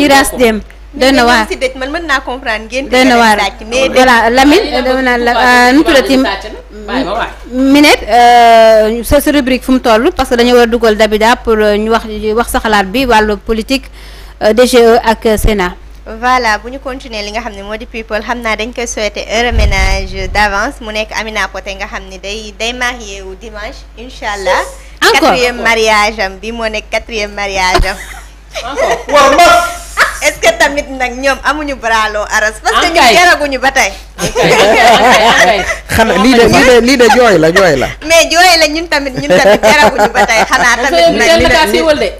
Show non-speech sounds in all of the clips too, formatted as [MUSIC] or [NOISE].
miiras dem doy na waar man mën naa comprendre ngeen doy na waar voilà Lamine dama naan la sa rubrique fu mu toll parce que dañu war dugal Dabida pour euh, ñu wax wax sa bi wàllu politique euh, DGE ak Sénat voilà bu ñu continuer li nga xam ne moo di people xam naa dañ koy souhaiter heureux ménage d'avance mu nekk Amina Poté nga xam ni day day marié wu dimanche incha allah quatrième mariage am bi moo nekk quatrième mariage am est tamit nag ñoom amuñu braaloo aras. parce que ñu ba tey. xanaa lii de lii de jooy la jooy la. mais jooy la ñun tamit ñun tamit jaraguñu ba tey xanaa tamit nag li la li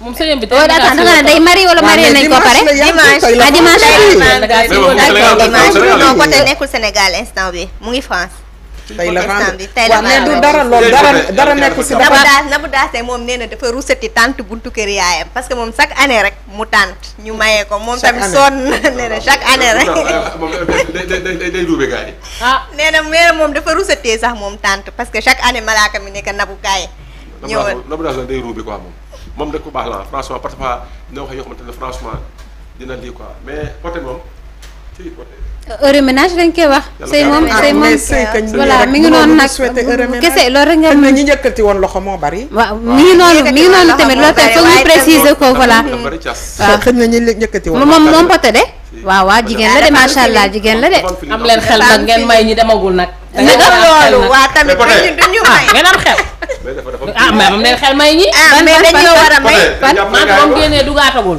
moom sëñ bi tey oh, da nga day mari wala mari nañ ko pare dimanche ah dimanche. dimanche non côté nekkul bi mu ngi France. tey la vendredi tey la vendredi du dara loolu dara dara nekk si dafa daas Nabou Daas tey moom nee na dafa rusati tànt buntu kër yaayam parce que moom chaque année rek mu tànt ñu mayee ko moom tamit sonn na nee na chaque année rek day duube gars yi ah nee na nee na moom dafa rusatee sax moom tànt parce que chaque année malaaka mi nekk Nabou kaay ñëwal Nabou Daas la day ruube quoi moom moom da ko baax la franchement parfois dina wax yoo xamante ne franchement dina lii quoi mais côté moom heureux ménage dañ koy wax. sëy moom sëy moom voilà mi ngi noonu nag kese loolu rek nga. ñi njëkkati woon loxo moo bari. waaw mi ngi noonu mi ngi noonu tamit loolu tamit foog ñu préciser ko voilà. waaw xëy na ñi njëkkati woon moom moom pote de. waaw waaw jigéen la de macha allah jigéen la de. am leen xel nag ngeen may ñi demagul nag. dëgg loolu waa tamit duñu may ngeen am xel. ah mais am leen xel may ñi. ah mais dañoo war a may man moom génnee dugaatagul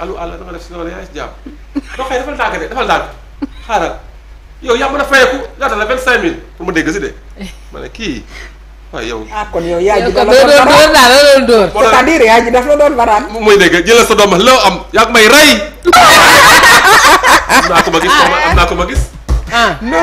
alu àlla dama def si loolu yaa ngi si jàmm doo fay defal ndànk de defal ndànk xaaral yow yaa mën a fayeku laata la vingt cinq mille pour ma dégg si de ma ne kii waaye yow. ah kon yow yaa ji daf la doon dóor daal la doon dóor. c'est-à-dire yaa ji daf la doon baraan. muy dégg jëlal sa doom loo am yaa may rey. [LAUGHS] am naa ko ma am naa ko ma gis. ah non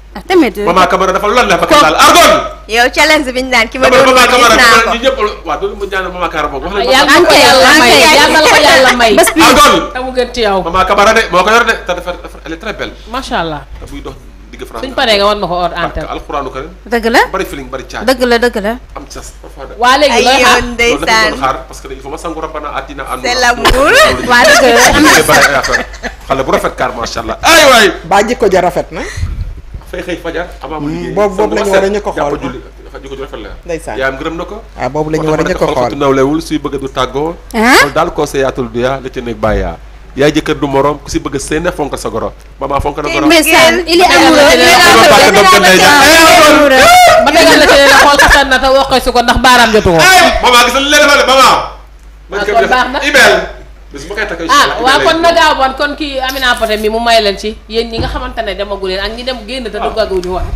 ah tamit. dafa lool la fa daal argon. yow challenge bi ñu naan ki ma doon gis naa ko ñëpp waaw loolu ko yàlla ah, de moo ko yor de te dafa dafa elle est très belle. macha allah buy dox digg France. nga war na ko or antenne parce que la bari la dëgg la. waa léegi looy parce que il faut ma am xale bu rafet kaar macha allah ay jikko ja rafet na fay xëy fajar avant mu hmm, liggéey boobu la war a ñëkk a xool jikko ju rafet ko ah boobu la ñu war a a xool nawlewul suy bëgg du tàggoo ah? loolu daal conseillaatul du yaa la ca nekk bàyyi yaay jëkkër du morom ku si bëgg seen fonk sa goro maman fonk na goro mais il est amoureux ba tegal xool xasan na te wax ko su ko ndax baaraam jotu ko maman gis ah, na leen maman man ko def ibel bis ah, kon na gaaw bon kon kii Amina Poté mi mu may leen ci yéen ñi nga xamante ne demagu leen ak ñi dem génn te ah. duggaguñu wax.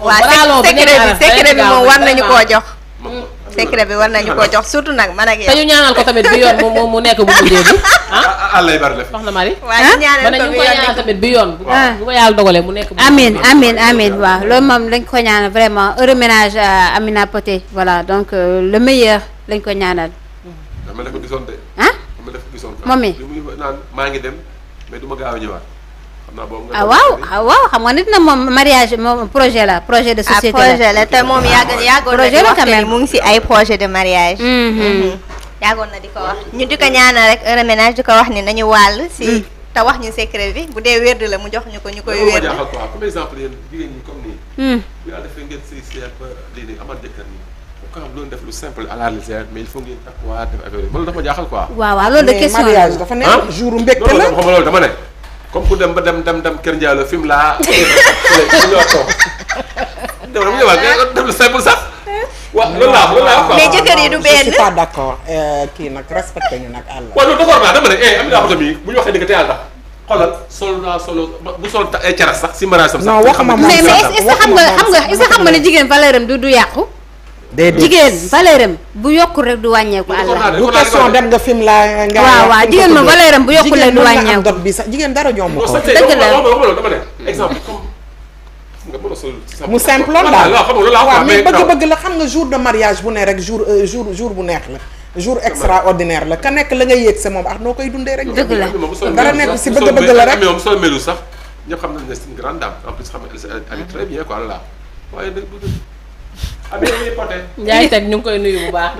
waaw secret bi secret bi moom war nañu koo jox. Mm. secret bi war nañu jox surtout nag man ak yow. te ñu ñaanal ko tamit bi yoon mu mu nekk bu mujjee bi. [LAUGHS] ah àllay bari def soxna Marie. waaw ñu ñaanal ko ah? bi yoon ñu ko ñaanal tamit bi yoon. bu ko yàlla dogalee mu nekk. amiin amiin amiin waaw loolu moom ménage à Poté voilà donc euh, le meilleur lañ ko ñaanal. la ko gisoon de. ah ma ma gaaw a ñëwaat. xam naa boobu nga. ah waaw ah waaw xam nga nit na moom mariage moom projet la projet de. société la ah projet la te moom yàgg yàggoon na di mu ngi si ay projet de mariage. Mm-hmm. Mm-hmm. yàggoon na di ko wax ñu di ko ñaanal rek reménage di ko wax ni nañu wàll si. Mm. te wax ñu secret bi bu dee wérd la mu jox ñu ko ñu koy. wérd loolu ma jaaxal mm. defee ngeen si seet ba léegi amaat jëkkër nii. ko xam doon def lu simple à la lisière mais il faut ngeen de loolu dama ne. comme ku dem ba dem dem dem Kër Ndiallo fi mu laa. [LAUGHS] dem na mu ñëwaat nga def lu simple sax. waaw loolu laa loolu laa mais jëkkër yi du benn je suis pas d' accord euh, kii nag respecté ñu nag àll. waaw loolu d' accord naa dama ne eh Amina Khouta mii bu ñu waxee dëgg te yàlla tax. xoolal sol naa solo bu sol ay caras sax si na sax. non waxuma mais mais est ce que xam nga xam nga est ce du du yàqu. déedéet jigéen valeuram bu yokkul rek du wàññeeku àlla. bu question dem nga film la nga. waaw waaw jigéen ma valeuram bu yokkul rek du wàññeeku jigéen bi sax jigéen dara jomb mu dëgg la dama ne exemple [LAUGHS] mu simple loolu daal waaw bëgg-bëgg la xam nga jour de mariage bu ne rek jour euh, jour jour bu neex la. jour extraordinaire la ka nekk la nga yéeg sa moom ak ah, noo koy dundee rek. dëgg la dara nekk si bëgg-bëgg la rek sax ñëpp xam nañ ne c'est une grande dame en Habib mi teg ñu ngi koy nuyu bu baax.